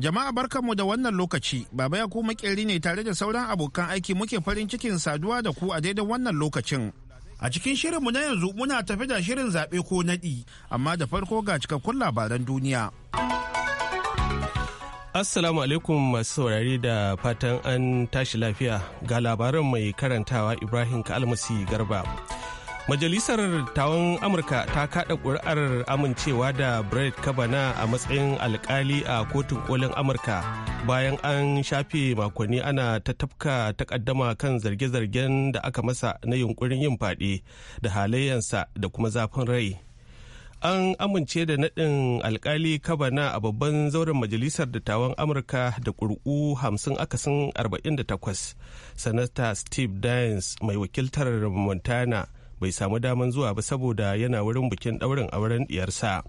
Jama'a barkanmu da wannan lokaci, Baba ya kuma makeri ne tare da sauran abokan aiki muke farin cikin saduwa da ku a daidai wannan lokacin. A cikin shirinmu na yanzu muna tafi da shirin zaɓe ko naɗi, amma da farko ga cikakkun labaran duniya. Assalamu alaikum masu saurari da fatan an tashi lafiya ga labaran mai karantawa Ibrahim Kalmasi Garba. Majalisar Tawon Amurka ta kada ƙuri'ar amincewa da Brett kavana a matsayin alkali a kotun kolin Amurka bayan an shafe makonni ana ta tafka takaddama kan zarge-zargen da aka masa na yunkurin yin fadi da halayensa da kuma zafin rai. An amince da nadin alkali kavana a babban zauren Majalisar Dattawan Amurka da ƙuri'u hamsin akasin 48. Sanata Steve Dines mai wakiltar Montana bai samu daman zuwa ba saboda yana wurin bikin ɗaurin auren diyarsa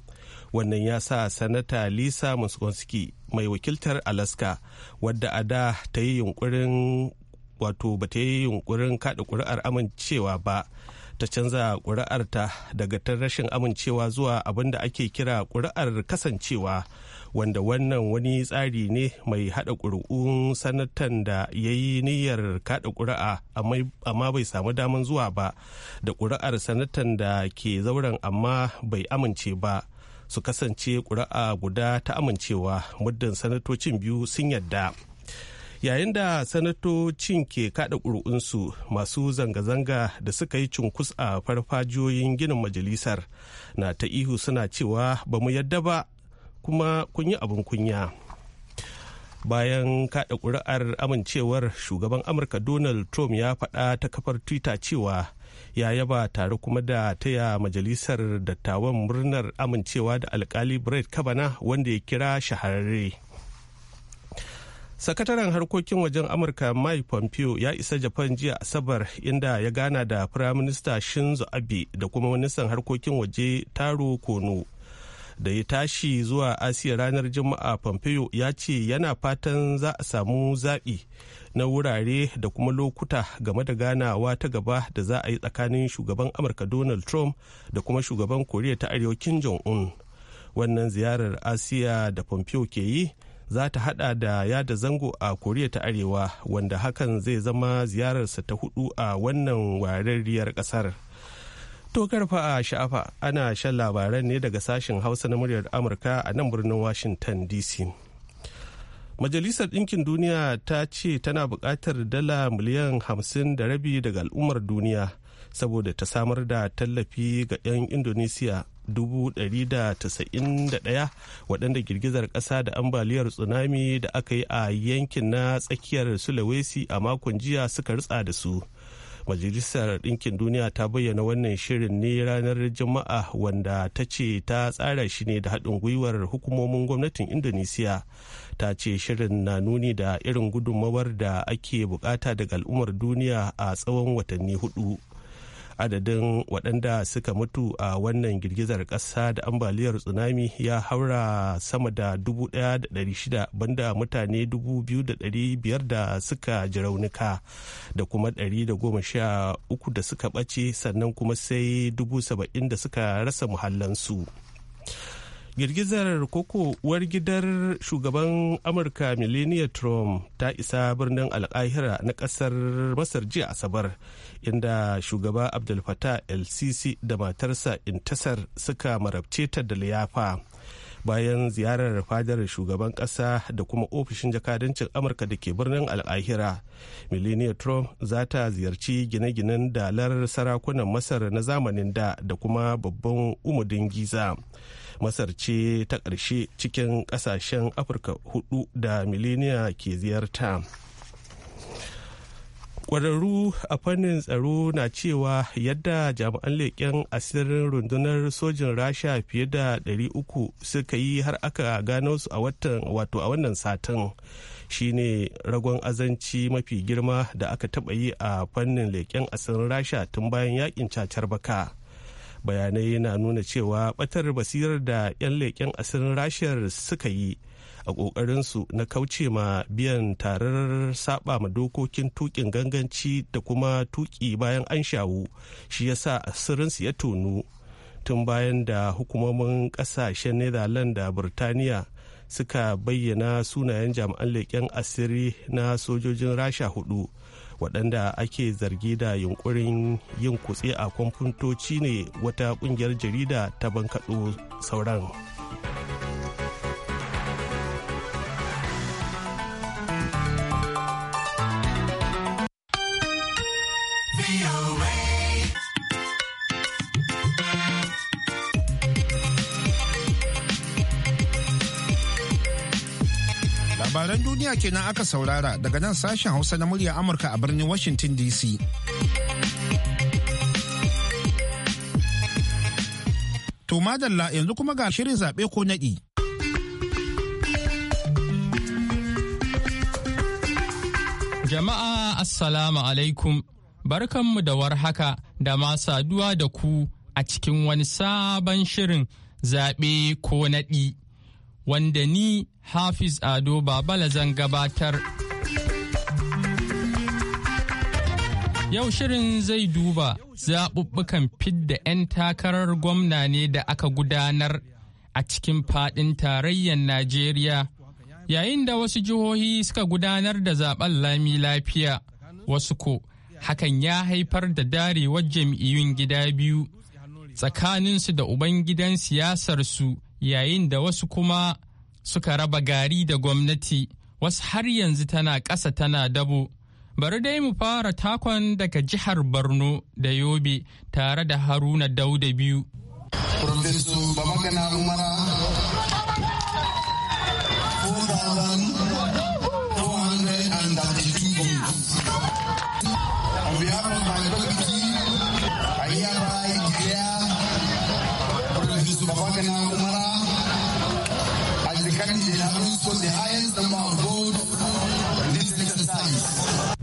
wannan ya sa sanata lisa muskonski mai wakiltar alaska wadda a da ta yi yunkurin wato ba ta yi yunkurin kada kuri'ar amincewa ba ta canza kuri'arta daga ta rashin amincewa zuwa abin da ake kira ƙuri'ar kasancewa wanda wannan wani tsari ne mai hada ƙuri'un sanatan da ya yi niyyar kada ƙuri'a amma bai samu daman zuwa ba da ƙuri'ar sanatan da ke zauren amma bai amince ba su kasance ƙuri'a guda ta amincewa muddin sanatocin biyu sun yadda yayin da sanatocin ke kada ƙuri'unsu masu zanga-zanga da suka yi cunkus a farfajiyoyin ginin majalisar na ta ihu suna cewa ba mu yadda ba kuma kun yi abin kunya bayan kada kuri'ar amincewar shugaban amurka donald trump ya faɗa ta kafar twitter cewa ya yaba tare kuma da taya majalisar dattawan murnar amincewa da alkali brett kavanaugh wanda ya kira shahararre sakataren harkokin wajen amurka mike pompeo ya isa japan jiya asabar inda ya gana da firaminista shinzo abe da kuma ministan harkokin waje taro kono da ya tashi zuwa asiya ranar juma'a pompeo ya ce yana fatan za a samu zaɓi na wurare da kuma lokuta game da ganawa ta gaba da za a yi tsakanin shugaban amurka donald trump da kuma shugaban koriya ta arewa kim jong-un wannan ziyarar asiya da pompeo ke yi za ta hada da yada zango a koriya ta arewa wanda hakan zai zama ziyararsa ta hudu a wannan wararriyar kasar. To karfa a sha'afa ana shan labaran ne daga sashen Hausa na muryar Amurka a nan birnin Washington DC. Majalisar Ɗinkin Duniya ta ce tana buƙatar dala miliyan hamsin da rabi daga al'ummar duniya saboda ta samar da tallafi ga 'yan Indonesia ɗaya waɗanda girgizar ƙasa da ambaliyar tsunami da aka yi a yankin na tsakiyar Sulawesi a makon jiya suka ritsa da su. majalisar ɗinkin duniya ta bayyana wannan shirin ne ranar jama'a wanda ta ce ta tsara shi ne da haɗin gwiwar hukumomin gwamnatin indonesiya ta ce shirin na nuni da irin gudunmawar da ake bukata daga al'ummar duniya a tsawon watanni hudu adadin waɗanda suka mutu a wannan girgizar ƙasa da ambaliyar tsunami ya haura sama da 1,600 banda mutane 2,500 da suka ji raunuka da kuma 113 da suka ɓace sannan kuma sai 70,000 da suka rasa muhallansu. girgizar koko uwar gidar shugaban amurka millennia trump ta isa birnin alkahira na kasar masar jiya asabar inda shugaba abdul fatah el da matarsa intasar suka marabce ta da liyafa bayan ziyarar fadar shugaban kasa da kuma ofishin jakadancin amurka da ke birnin alkahira millennia trump za ta ziyarci gine-ginen dalar sarakunan masar na zamanin da da kuma babban umudin giza masar ce ta ƙarshe cikin ƙasashen afirka hudu da mileniya ke ziyarta kwararru a fannin tsaro na cewa yadda jami'an leƙen asirin rundunar sojin rasha fiye da 300 suka yi har aka gano su a watan wato a wannan satin shine ragon azanci mafi girma da aka taɓa yi a fannin leƙen asirin rasha tun bayan yakin cacar baka bayanai na nuna cewa batar basirar da 'yan leƙen asirin rashiyar suka yi a ƙoƙarinsu na kauce ma biyan tarar saba ma dokokin tukin ganganci da kuma tuki bayan an shawu shi ya sa asirinsu ya tonu tun bayan da hukumomin ƙasashen netherlands da birtaniya suka bayyana sunayen jami'an leƙen asiri na sojojin rasha hudu waɗanda ake zargi da yunkurin yin kutse a kwamfutoci ne wata ƙungiyar jarida ta bankaɗo sauran. duniya kenan aka saurara daga nan sashen Hausa na murya Amurka a birnin Washington DC. To madalla yanzu kuma ga shirin zaɓe ko naɗi. Jama'a Assalamu alaikum, barkanmu da warhaka da ma saduwa da ku a cikin wani sabon shirin zaɓe ko naɗi. wanda ni Hafiz Ado Babala zan gabatar. Yau shirin zai duba zaɓuɓɓukan fidda 'yan takarar gwamna ne da aka gudanar a cikin faɗin tarayyar Najeriya, yayin da wasu jihohi suka gudanar da zaɓen lami lafiya, wasu ko hakan ya haifar da darewar jam'iyyun gida biyu tsakaninsu da ubangidan siyasarsu yayin da wasu kuma suka raba gari da gwamnati wasu har yanzu tana ƙasa tana dabo. Bari dai mu fara takon daga jihar Borno da Yobe tare da Haruna Dauda biyu.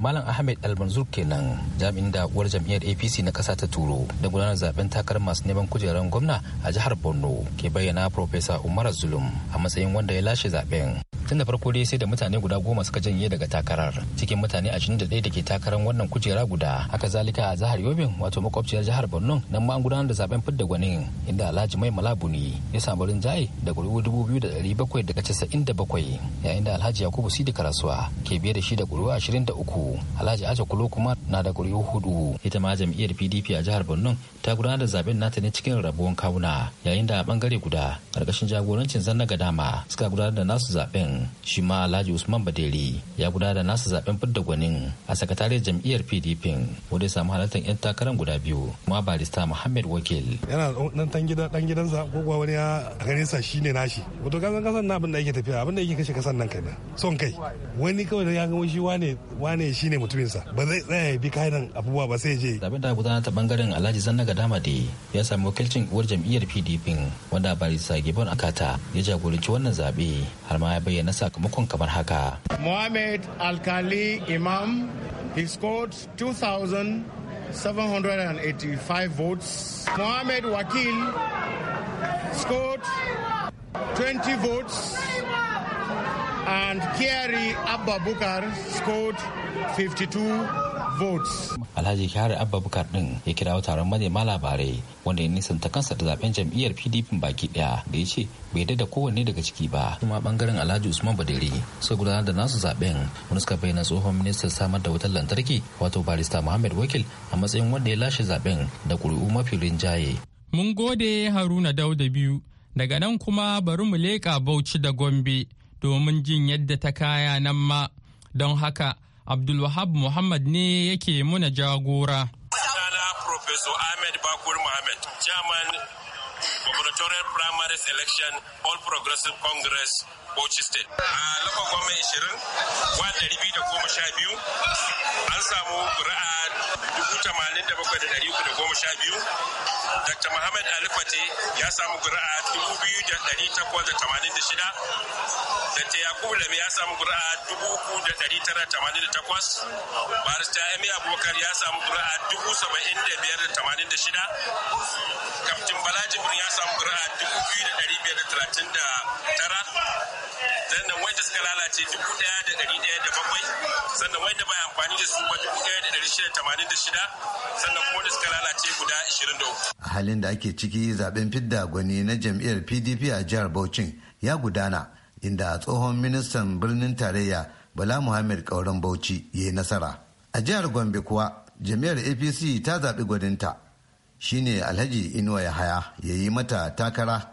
Malam Ahmed Almanzur kenan jami'in da uwar jam'iyyar APC na ƙasa ta turo da gudanar zaben takarar masu neman kujerar gwamna a jihar Borno ke bayyana Profesa Umar Zulum a matsayin wanda ya lashe zaben. tun farko dai sai da mutane guda goma suka janye daga takarar cikin mutane 21 da ke takarar wannan kujera guda haka zalika a jihar yobin wato makwabciyar jihar borno nan ma an gudanar da zaben fidda gwanin inda alhaji mai malabuni ya samu jaye da ƙuri'u bakwai daga casa'in da bakwai. yayin da alhaji yakubu sidi karasuwa ke biye da shi da ƙuri'u uku alhaji aja kulo kuma na da ƙuri'u hudu ita ma jam'iyyar pdp a jihar borno ta gudanar da zaben nata ne cikin rabuwan kawuna yayin da a bangare guda ƙarƙashin jagorancin zanna gadama suka gudanar da nasu zaben shi ma alhaji usman badeli ya gudanar da nasa zaben fidda gwanin a sakatariyar jam'iyyar pdp wanda ya samu halartar yan takarar guda biyu kuma barista muhammad wakil yana dan tan gidan dan gidansa ko kuwa wani ya gare sa shine nashi wato kasan kasan na abin da yake tafiya abin da yake kashe kasan nan kenan son kai wani kawai da ya ga shi wane wane shine mutumin sa ba zai tsaya ya bi kayan abubuwa ba sai je zaben da gudanar ta bangaren alhaji zannaga damade ya samu wakilcin uwar jam'iyyar pdp wanda barista gibon akata ya jagoranci wannan zabe har ma ya bayyana bayyana sakamakon kamar haka. Mohamed Alkali Imam, he scored 2,785 votes. Mohamed Wakil scored 20 votes. And Kiari Abba Bukar scored 52 votes. Alhaji Kyari Abba Bukar din ya kirawo taron manema labarai wanda ya nisan ta kansa da zaben jam'iyyar PDP baki daya da ya ce bai da kowanne daga ciki ba. Kuma bangaren Alhaji Usman Badiri suka gudanar da nasu zaben wani suka bayyana tsohon ministan samar da wutar lantarki wato barista Muhammad Wakil a matsayin wanda ya lashe zaben da kuri'u mafi rinjaye. Mun gode Haruna Dauda biyu daga nan kuma bari mu leƙa Bauchi da Gombe domin jin yadda ta kaya nan ma don haka Abdulwahab Muhammad ne yake muna jagora. Professor Ahmed Bakur Mohammed, Chairman gubernatorial primaries election all progressive congress Bauchi state a goma wa biyu an samu ƙuri'a biyu dr Muhammad ali fate ya samu ƙuri'a da yakubu lami ya samu ƙuri'a takwas barista emi abubakar ya samu ƙuri'a shida kaftin bala ya samu samu ƙuri'a dubu biyu da ɗari biyar da talatin da tara sannan wanda suka lalace dubu ɗaya da ɗari ɗaya da bakwai sannan wanda bai amfani da su ba dubu ɗaya da ɗari shida tamanin da shida sannan kuma da suka lalace guda ashirin da uku. a halin da ake ciki zaben fidda gwani na jam'iyyar pdp a jihar bauchin ya gudana inda tsohon ministan birnin tarayya bala muhammad kauran bauchi ya yi nasara a jihar gombe kuwa jami'ar apc ta zaɓi gwaninta shine alhaji inuwa yahaya ya yi mata takara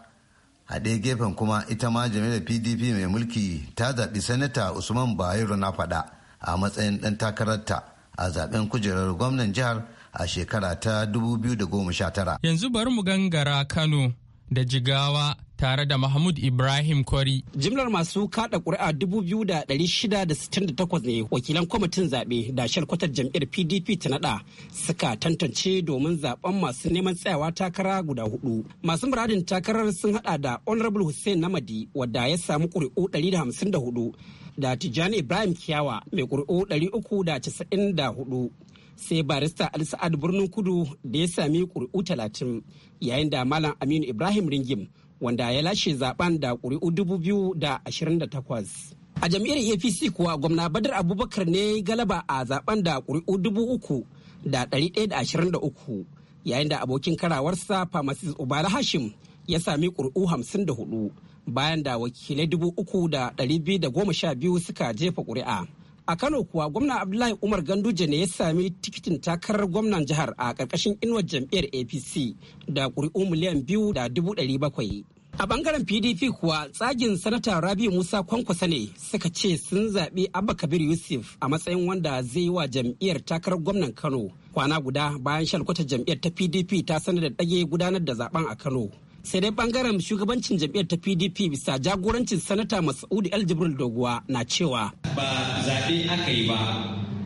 a ɗaya gefen kuma ita ma jami'ar pdp mai mulki ta zaɓi sanata usman bayero na faɗa a matsayin ɗan takararta a zaɓen kujerar gwamnan jihar a shekara ta 2019 yanzu bari mu gangara kano da jigawa tare da Mahmud Ibrahim kori. Jimlar masu kada ƙuri'a 2,668 ne wakilan kwamitin zaɓe da shalkwatar jam'iyyar PDP ta naɗa suka tantance domin zaɓen masu neman tsayawa takara guda hudu. Masu muradin takarar sun haɗa da Honorable Hussein Namadi wadda ya samu ƙuri'u 154 da Tijjani Ibrahim Kiyawa mai ƙuri'u 394. sai barista ali sa'ad birnin kudu da ya sami ƙuri'u talatin yayin da malam aminu ibrahim ringim wanda ya lashe zaben da ƙuri'u 2028. A jam'iyyar APC kuwa gwamna Badar Abubakar ne galaba a zaben da ƙuri'u 3,123 yayin da abokin karawarsa Pharmacist Ubala Hashim ya sami ƙuri'u 54 bayan da wakilai dubu uku da goma sha biyu suka jefa ƙuri'a. a kano kuwa gwamna abdullahi umar ganduje ne ya sami tikitin takarar gwamnan jihar a karkashin inuwar jam'iyyar apc da ƙuri'u miliyan biyu da dubu ɗari bakwai a bangaren pdp kuwa tsagin sanata rabi musa kwankwasa ne suka ce sun zaɓi abba kabir yusuf a matsayin wanda zai yi wa jam'iyyar takarar gwamnan kano kwana guda bayan shalkwata jam'iyyar ta pdp ta sanar da ɗage gudanar da zaben a kano sai dai bangaren shugabancin jam'iyyar ta pdp bisa jagorancin sanata mas'ud aljibril jibril doguwa na cewa ba zaɓe aka yi ba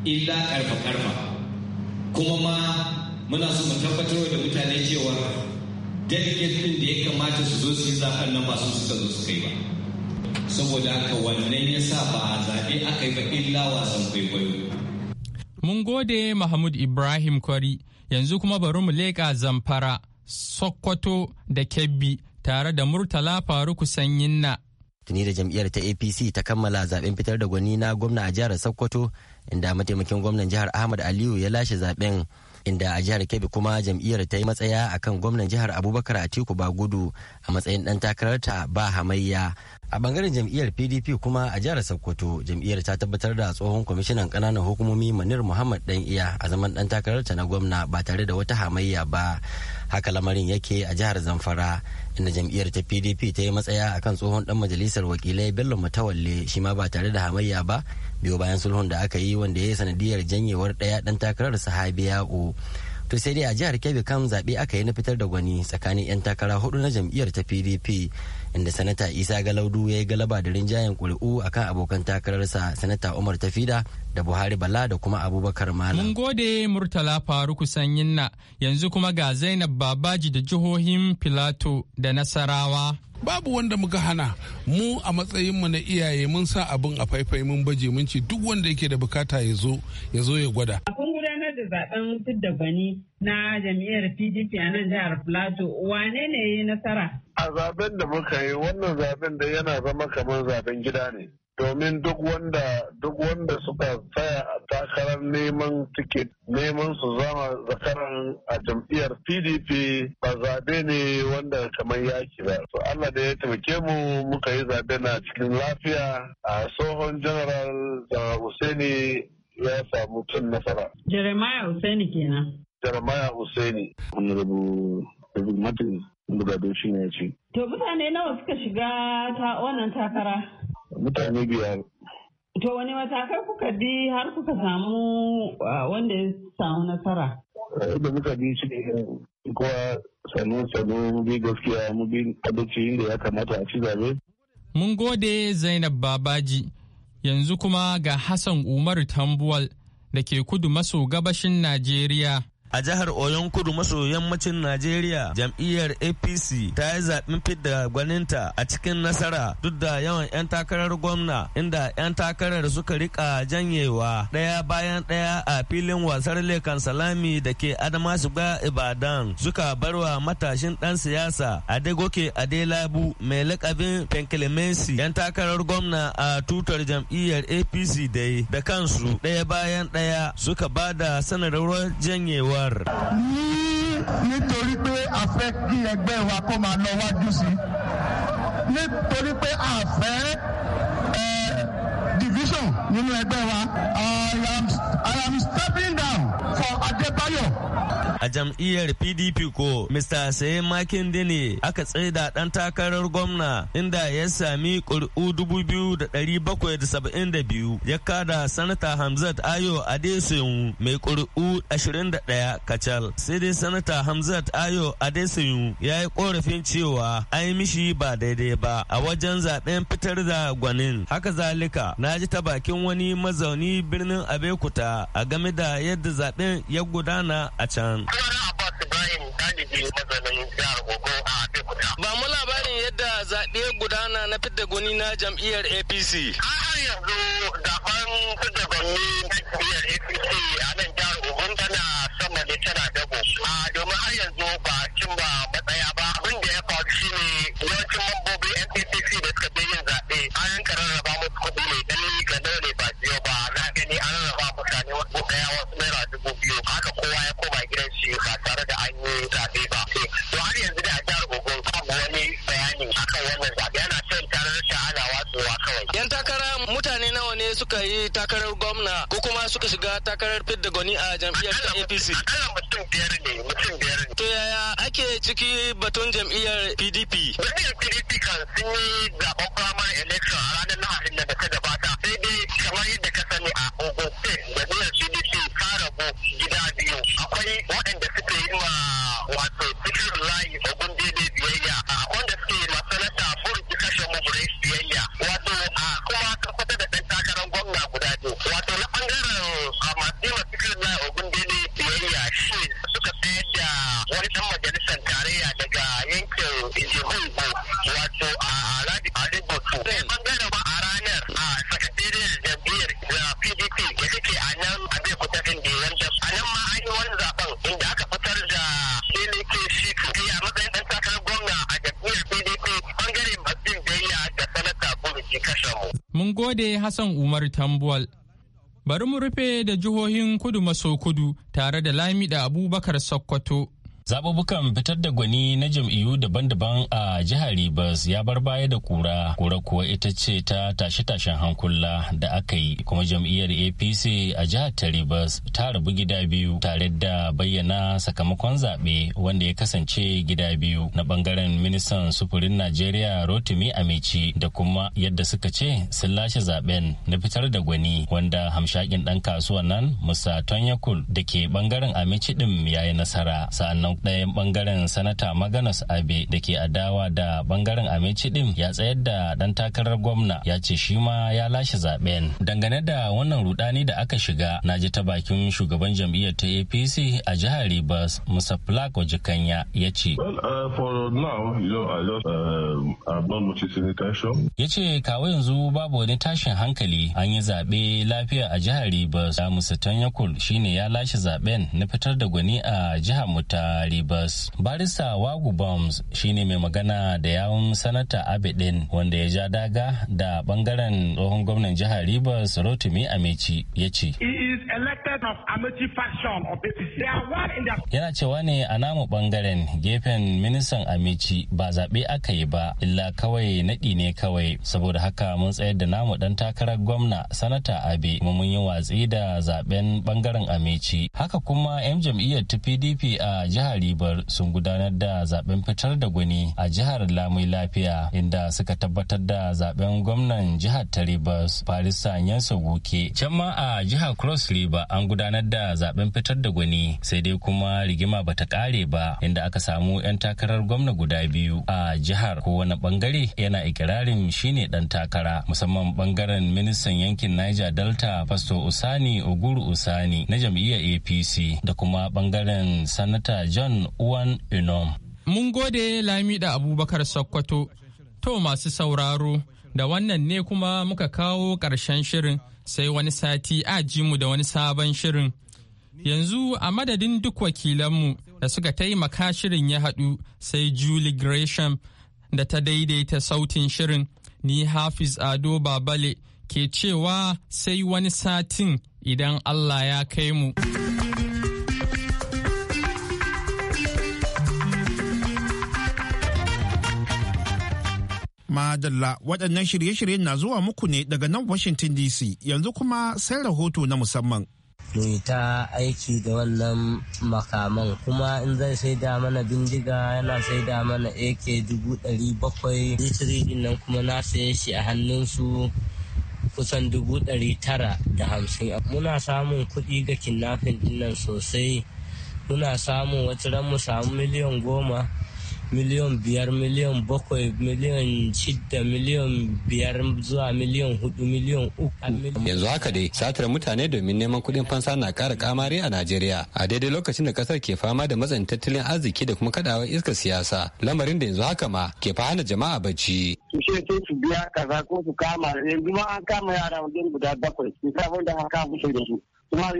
illa ƙarfa ƙarfa kuma ma muna so mu tabbatar da mutane cewa delegates ɗin da ya kamata su zo su yi zaɓen nan ba su suka zo su kai ba saboda haka wannan ya sa ba a zaɓe aka yi ba illa wasan kwaikwayo. Mun gode Mahmud Ibrahim Kwari yanzu kuma bari mu leƙa Zamfara, Sokoto da Kebbi tare da Murtala Faruku Sanyin na tuni da jam'iyyar ta apc ta kammala zaben fitar da gwani na gwamna a jihar sokoto inda mataimakin gwamnan jihar ahmad aliyu ya lashe zaben inda a jihar kebbi kuma jam'iyyar ta yi matsaya akan gwamnan jihar abubakar atiku gudu a matsayin ɗan takararta ba hamayya a bangaren jam'iyyar pdp kuma a jihar sokoto jam'iyyar ta tabbatar da tsohon kwamishinan kananan hukumomi manir muhammad dan iya a zaman dan takararta na gwamna ba tare da wata hamayya ba haka lamarin yake a jihar zamfara inda jam'iyyar ta pdp ta yi matsaya akan tsohon dan majalisar wakilai bello matawalle shi ma ba tare da hamayya ba biyo bayan sulhun da aka yi wanda ya yi sanadiyar janyewar ɗaya dan takarar sahabi ya'u to sai dai a jihar kebbi kam zaɓe aka yi na fitar da gwani tsakanin 'yan takara hudu na jam'iyyar ta pdp inda sanata isa galaudu ya yi galaba da rinjayen ƙuri'u akan abokan takararsa sanata umar tafida da buhari bala da kuma abubakar malam mun gode murtala faruku sanyin na yanzu kuma ga zainab babaji da jihohin filato da nasarawa babu wanda muka hana mu a matsayinmu na iyaye mun sa abin a faifai mun baje mun ce duk wanda yake da bukata ya zo ya zo ya gwada kun gudanar da zaben fidda gwani na jam'iyyar pdp a nan jihar plateau wane ne ya nasara a zaben da muka yi wannan zaben da yana zama kamar zaben gida ne domin duk wanda duk wanda suka tsaya a takarar neman tiket neman su zama zakaran a jam'iyyar pdp ba zabe ne wanda kamar yaki ba to allah da ya taimake mu muka yi zabe na cikin lafiya a tsohon general da Hussaini ya samu cin nasara jeremiah Hussaini kenan jeremiah Hussaini. honorable david martin bugadoshi ne ya ce to mutane nawa suka shiga ta wannan takara mutane biyar To wani matakai kuka bi har kuka samu wanda ya samu nasara? Da muka bi shi ne kuwa sanu-sanu bi gaskiya mu bi abinci inda ya kamata a ci zabe. Mun gode Zainab Babaji yanzu kuma ga Hassan Umaru Tambuwal da ke kudu maso gabashin Najeriya. A jihar Oyon Kudu maso yammacin Najeriya jam'iyyar APC ta yi zaɓen fidda gwaninta a cikin nasara duk da yawan 'yan takarar gwamna inda 'yan takarar suka rika janyewa ɗaya bayan ɗaya a filin wasar Lekan Salami da ke Adama Shiga Ibadan suka barwa matashin ɗan siyasa Adegoke Adelabu mai lakabin Penkilemensi 'yan takarar gwamna a tutar jam'iyyar APC dai da kansu ɗaya bayan ɗaya suka ba da sanarwar janyewa nítorí pé a fẹ́ kí ẹgbẹ́ wa kó máa lọ wájú sí i nítorí pé a fẹ́ eh, division nínú ẹgbẹ́ wa I am, I am stepping down. a jam'iyyar pdp ko mr saye makinde ne aka tsaida dan takarar gwamna inda ya sami ƙuri'u 2,772 ya kada sanata hamzat ayo adesoyu mai ƙuri'u 21 kacal sai dai sanata hamzat ayo adesoyu ya yi korafin cewa an yi mishi ba daidai ba a wajen zaben fitar da gwanin haka zalika na ji ta bakin wani mazauni birnin abekuta a game da yadda zaben ya gudana a can. Ba mu labarin yadda zaɓe gudana na fidda gwani na jam'iyyar APC. Har yanzu zaɓen fidda gwani na jam'iyyar APC a nan jihar Ogun tana sama ne tana dabo. Domin har yanzu ba cin ba matsaya ba abin da ya faru shine yawancin mambobin NPCC da suka bi yin zaɓe an kararraba musu kuɗi mai mutane nawa ne suka yi takarar gwamna ko kuma suka shiga takarar fidda gwani a jam'iyyar APC? mutum biyar ne, mutum biyar ne. To yaya ake ciki batun jam'iyyar PDP? Jam'iyyar PDP kan sun yi zaɓen primary election a ranar Lahadin da ta gabata. Sai dai kamar yadda ka sani a Ogun State, jam'iyyar PDP ta rabu gida biyu. Akwai Mun gode Hassan Umar Tambuwal. Bari mu rufe da jihohin kudu maso kudu tare da Lamida Abubakar Sokoto. zababukan fitar da gwani na jam'iyyu daban-daban a jihar Rivers ya bar baya da kura kura kuwa ita ce ta tashe-tashen hankula da aka yi kuma jam'iyyar APC a jihar ta Rivers ta rabu gida biyu tare da bayyana sakamakon zaɓe wanda ya kasance gida biyu na bangaren ministan sufurin Najeriya Rotimi Amici da kuma yadda suka ce sun lashe zaben na fitar da gwani wanda hamshakin ɗan kasuwa nan Musa Tonyakul da ke bangaren Amici ɗin ya yi nasara sa'annan ɗayan bangaren sanata maganas abe da ke adawa da bangaren amici din ya tsayar da dan takarar gwamna ya ce shi ma ya lashe zaben dangane da wannan rudani da aka shiga na ji ta bakin shugaban jam'iyyar ta apc a jihar rivers musa flak kanya ya ce uh, uh, ya ce kawo yanzu babu wani tashin hankali an yi zaɓe lafiya a jihar rivers musa tanyakul shine ya lashe zaben na fitar da gwani a jihar mu ta daga Rivers. Barista Wagu Bombs shine mai magana da yawun sanata Abedin wanda ya ja daga da bangaren tsohon gwamnan jihar Rivers Rotimi Amechi ya ce. Yana cewa ne a namu bangaren gefen ministan Amechi ba zaɓe aka yi ba illa kawai naɗi ne kawai saboda haka mun tsayar da namu ɗan takarar gwamna sanata Abe mun yi watsi da zaɓen bangaren Amechi. Haka kuma 'yan jam'iyyar ta PDP a jihar jihar Ribar sun gudanar da zaben fitar da gwani a jihar Lamai Lafiya inda suka tabbatar da zaben gwamnan jihar ta Rivers farisa Sanyansa Goke. Can ma a jihar Cross River an gudanar da zaben fitar da gwani sai dai kuma rigima bata kare ba inda aka samu 'yan takarar gwamna guda biyu a jihar kowane bangare yana ikirarin shine dan takara musamman bangaren ministan yankin Niger Delta Pastor Usani Oguru Usani na jam'iyyar APC da kuma bangaren sanata John Uwan Inom. Mun gode lami da Abubakar Sokoto, to masu sauraro, da wannan ne kuma muka kawo ƙarshen shirin sai wani sati a mu da wani sabon shirin. Yanzu a madadin duk wakilanmu da suka taimaka shirin ya haɗu sai Julie Gresham da ta daidaita sautin shirin, ni Hafiz Ado Babale ke cewa sai wani satin idan Allah ya kai mu. Madalla waɗannan shirye-shiryen na zuwa muku ne daga nan Washington DC yanzu kuma sai rahoto na musamman. mu ta aiki da wannan makaman kuma in zai saida mana bindiga yana saida mana ak dubu ɗari bakwai litiri nan kuma na saye shi a hannunsu kusan dubu tara da hamsin muna samun kuɗi ga kinnafin dinnan sosai muna samun wata ran mu samu miliyan goma miliyan biyar miliyan bakwai miliyan shidda miliyan biyar zuwa miliyan hudu miliyan uku yanzu haka dai satar mutane domin neman kuɗin fansa na ƙara kamari a najeriya a daidai lokacin da ƙasar ke fama da matsayin tattalin arziki da kuma kaɗawar iskar siyasa lamarin da yanzu haka ma ke fa hana jama'a bacci ce sai su biya kaza ko su kama yanzu ma an kama yara wajen guda bakwai lissafin da aka kama su da su kuma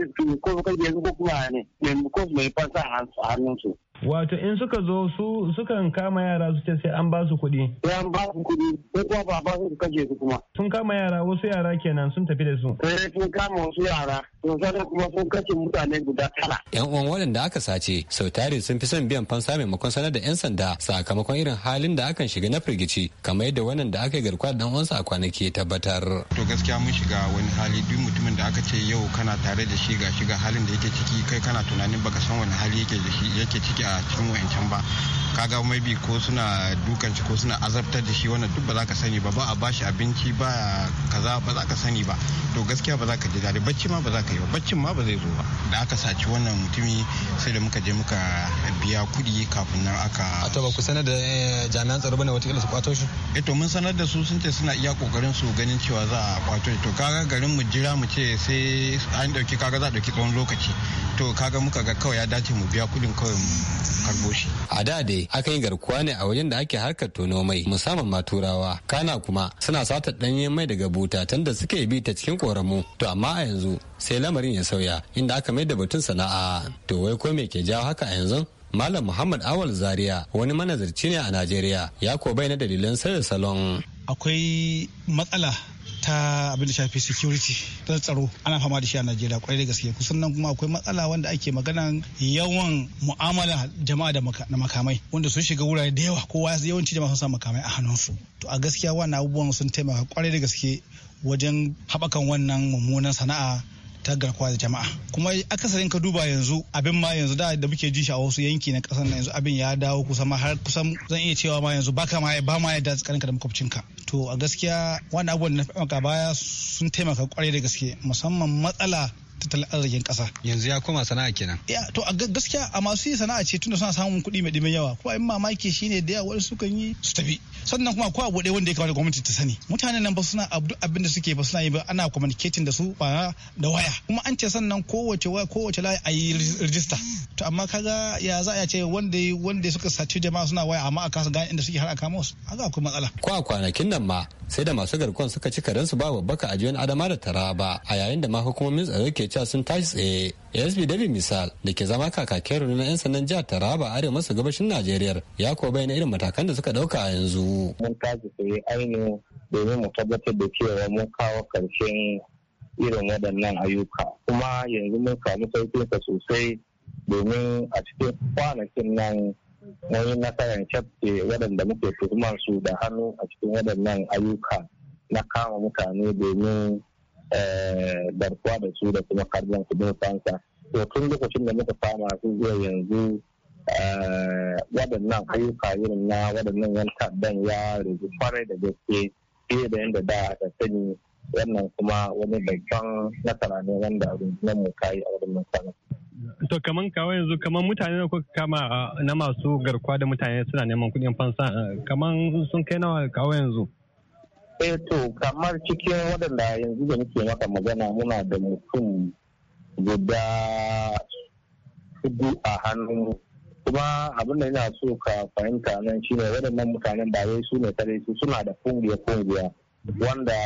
ko kai yanzu ko kuma ne Yanzu ko mai fansa a hannunsu Wato in suka zo su sukan kama yara su ce sai an ba su kuɗi. Sai an ba su kuɗi ko kuma ba ba su kaje su kuma. Sun kama yara wasu yara kenan sun tafi da su. Sai sun kama wasu yara to sannan kuma sun kashe mutane guda tara. Yan uwan waɗanda aka sace sau tare sun fi son biyan fansa maimakon sanar da yan sanda sakamakon irin halin da akan shiga na firgici kamar yadda wannan da aka yi garkuwa dan uwansa a kwanaki tabbatar. To gaskiya mun shiga wani hali duk mutumin da aka ce yau kana tare da shi ga shiga halin da yake ciki kai kana tunanin baka san wani hali yake ciki a yake ciki 啊，今晚加班。kaga maybe ko suna dukan ko suna azabtar da shi wannan duk ba za ka sani ba ba a bashi abinci ba kaza ba za ka sani ba to gaskiya ba za ka ji daɗi bacci ma ba za ka yi ba baccin ma ba zai zo ba da aka saci wannan mutumi sai da muka je muka biya kuɗi kafin nan aka a to ba ku sanar da eh, jami'an tsaro bane wata su kwato shi eh to mun sanar da su sun ce suna iya kokarin su ganin cewa za a kwato to kaga garin mu jira mu ce sai an dauki kaga za a dauki tsawon lokaci to kaga muka ga kawai ya dace mu biya kuɗin kawai mu karbo shi a da da aka akan yi garkuwa ne a wajen da ake harkar tono mai musamman ma turawa kana kuma suna sata ɗanyen mai daga buta. tunda suke bi ta cikin koramu to amma a yanzu sai lamarin ya sauya inda aka mai da batun sana'a to wai ko me ke jawo haka a yanzu Malam Muhammad Awal Zaria wani manazarci ne a Najeriya ya ko bai na dalilan sayar salon. Akwai matsala ta abin da shafi security ta tsaro ana fama da shi a Najeriya kwarai da gaske kusan nan kuma akwai matsala wanda ake magana yawan mu'amala jama'a da makamai wanda sun shiga wurare da yawa kowa yawanci jama'a sun sa makamai a hannunsu to a gaskiya wannan abubuwan sun taimaka kwarai da gaske wajen haɓakan wannan mummunan sana'a ta garkuwa da jama'a kuma akasarin ka duba yanzu abin ma yanzu da da muke ji shi a wasu yanki na kasar na yanzu abin ya dawo kusan ma har kusan zan iya cewa ma yanzu baka ma ba ma yadda ka da ka to a gaskiya wannan abubuwan na maka baya sun taimaka kwarai da gaske musamman matsala tattalin arzikin ƙasa. Yanzu ya koma sana'a kenan. Ya to a gaskiya a masu yi sana'a ce tunda suna samun kuɗi mai ɗimin yawa kuma in mamaki shine da yawa wasu sukan yi su tafi. Sannan kuma kowa abu wanda ya kamata gwamnati ta sani. Mutanen nan ba suna abu abin da suke ba suna yi ba ana communicating da su ba da waya. Kuma an ce sannan kowace waya kowace layi a yi rijista. To amma kaga ya za a ce wanda wanda suka saci jama'a suna waya amma a kasa gane inda suke har a kama wasu. Haka akwai matsala. Ko a kwanakin nan ma sai da masu garkon suka ci karensu ba babba ka ajiyar Adama da Taraba a yayin da ma hukumomin tsaro ke cewa sun tashi tsaye asb dabi misal da ke zama kakakin na 'yan sannan jihar taraba arewa maso gabashin najeriya ya kuwa bayyana irin matakan da suka dauka a yanzu mun tashi tsaye ainihin domin mu tabbatar da cewa mun kawo karshen irin waɗannan ayyuka kuma yanzu mun samu saukinsa sosai domin a cikin kwanakin nan na yi nasarar cafke waɗanda muke tuhumar su da hannu a cikin waɗannan ayyuka na kama mutane domin Eh, garkuwa da su da kuma karjan su don fansa to tun lokacin da muka fama su zuwa yanzu eh, waɗannan ayyuka irin na waɗannan yan ta'addan ya rage kwarai da gaske fiye da yadda da aka sani wannan kuma wani babban nasara ne wanda rundunar mu kayi a waɗannan sanar. To kaman kawai yanzu kaman mutane da kuka kama eh, na masu garkuwa da mutane suna neman kuɗin fansa kaman sun kai nawa kawai yanzu. eh to kamar cikin waɗanda yanzu da nake maka magana muna da mutum guda hudu a hannu kuma abin da yana so ka fahimta nan shine waɗannan mutanen ba wai su ne kare su suna da kungiya kungiya wanda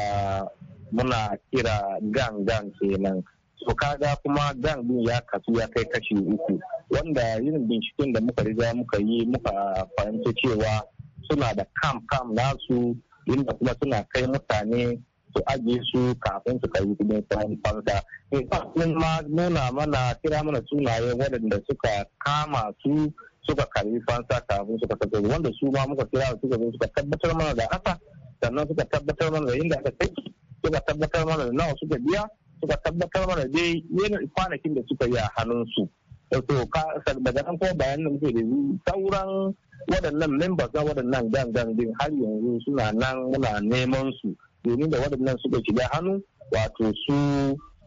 muna kira gang gang kenan to kaga kuma gang din ya kasu ya kai kashi uku wanda yin binciken da muka riga muka yi muka fahimta cewa suna da kam kam nasu inda kuma suna kai mutane su ajiye su kafin su kai kudin sayan fansa. In sun ma nuna mana kira mana sunaye waɗanda suka kama su suka karbi fansa kafin suka saka wanda su ma muka kira suka zo suka tabbatar mana da haka sannan suka tabbatar mana da inda aka kai suka tabbatar mana da nawa suka biya suka tabbatar mana dai yanayin kwanakin da suka yi a hannunsu. su. Eh, to daga nan kuma bayan da muke da sauran waɗannan members na waɗannan gangan din har yanzu suna nan muna neman su domin da waɗannan suka shiga hannu wato su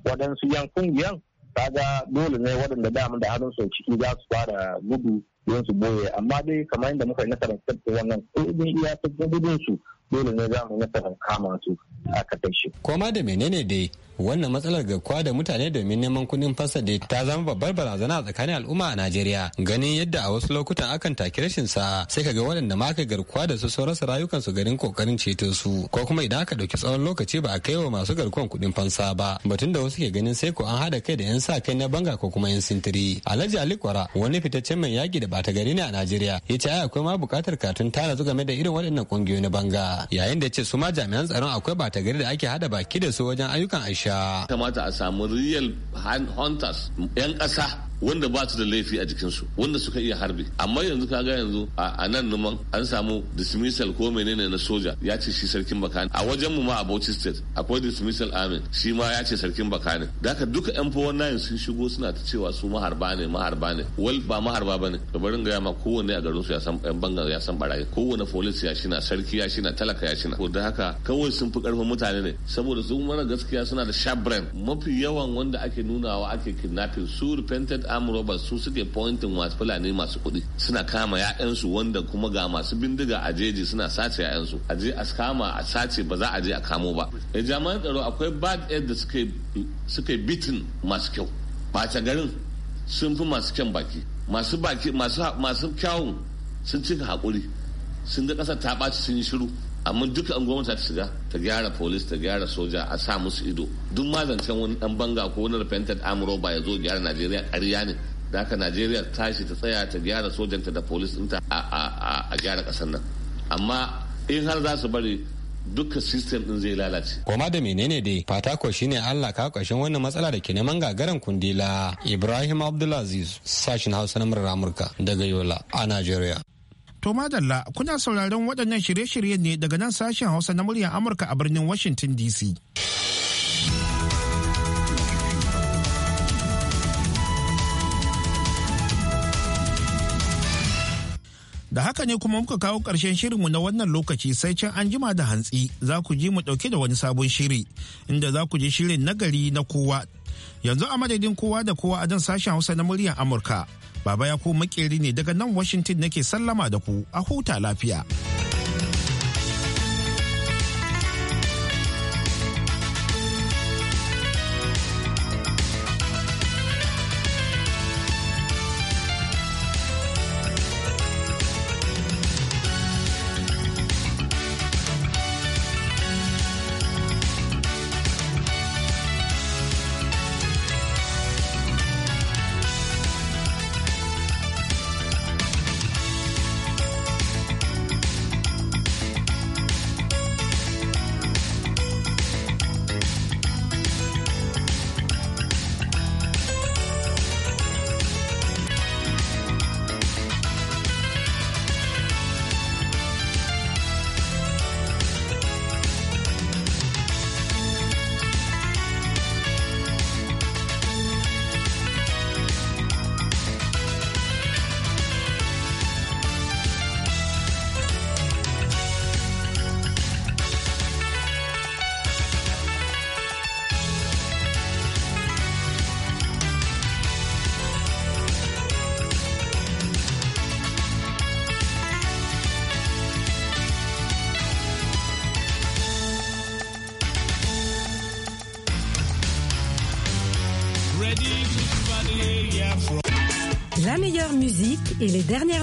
waɗansu yan kungiyan kaga dole ne waɗanda dama da hannun su ciki za su fara gudu don su boye amma dai kamar yadda muka yi nasarar tattara wannan kudin iya ta gudun su dole ne za mu yi nasarar kama su a kasashe. koma da menene dai wannan matsalar ga da mutane domin neman kuɗin fasade ta zama babbar barazana a tsakanin al'umma a najeriya ganin yadda a wasu lokutan akan taki rashin sa sai kaga waɗanda ma aka garkuwa da su sun rasa rayukansu garin kokarin ceto su ko kuma idan aka ɗauki tsawon lokaci ba a kai wa masu garkuwan kuɗin fansa ba batun da wasu ke ganin sai ko an haɗa kai da 'yan sa kai na banga ko kuma 'yan sintiri alhaji ali kwara wani fitaccen mai yaƙi da bata gari ne a najeriya ya ce ai akwai ma buƙatar katun tana zuga game da irin waɗannan ƙungiyoyi na banga yayin da ya ce su ma jami'an tsaron akwai bata gari da ake haɗa baki da su wajen ayyukan aisha sha kamata a samu real hunters yan ƙasa wanda ba su da laifi a jikinsu wanda suka iya harbi amma yanzu ka ga yanzu a nan numan an samu dismissal ko menene na soja ya ce shi sarkin bakani a wajen mu ma a Bauchi state akwai dismissal amin shi ma ya ce sarkin bakani daka duka yan fowar nayin sun shigo suna ta cewa su maharba ne maharba ne wal ba maharba ba ne to barin gaya ma kowanne a garin su ya san yan bangar ya san barayi kowanne folis ya shina sarki ya shina talaka ya shina ko da haka kawai sun fi karfin mutane ne saboda su mana gaskiya suna da sharp brain mafi yawan wanda ake nunawa ake kidnapping su repented Amur roberts su suke pointing wasu fulani masu kuɗi suna kama ya'yansu wanda kuma ga masu bindiga a jeji suna sace ya'yansu a je a kama a sace ba za a je a kamo ba e jami'an tsaro akwai bad aid da suke bitin masu kyau ɓata garin sun fi masu kyan baki masu baki masu kyawun sun cika haƙuri sun ga ƙasar ta ɓaci sun yi shiru amma duka an gwamnati ta shiga ta gyara polis ta gyara soja a sa musu ido duk ma zancen wani dan banga ko wani repentant amuro ba ya zo gyara najeriya ƙarya ne da haka najeriya tashi ta tsaya ta gyara sojanta da polis ɗinta a gyara ƙasar nan amma in har za su bari duka system din zai lalace. Koma da menene dai fata ko shine Allah ka ƙarshen wannan matsala da ke neman gagaran kundila Ibrahim Abdulaziz sashin Hausa na Amurka daga Yola a Najeriya. To madalla kuna sauraron waɗannan shirye-shirye ne daga nan sashen Hausa na muryar Amurka a birnin Washington DC. Da haka ne kuma muka kawo ƙarshen shirinmu na wannan lokaci sai can an jima da hantsi za ku ji mu ɗauke da wani sabon shiri inda za ku ji shirin nagari na kowa. Yanzu a madadin kowa da kowa a dan sashen Hausa na muryar Amurka. Baba ya ko makeri ne daga nan Washington nake sallama da ku a huta lafiya. et les dernières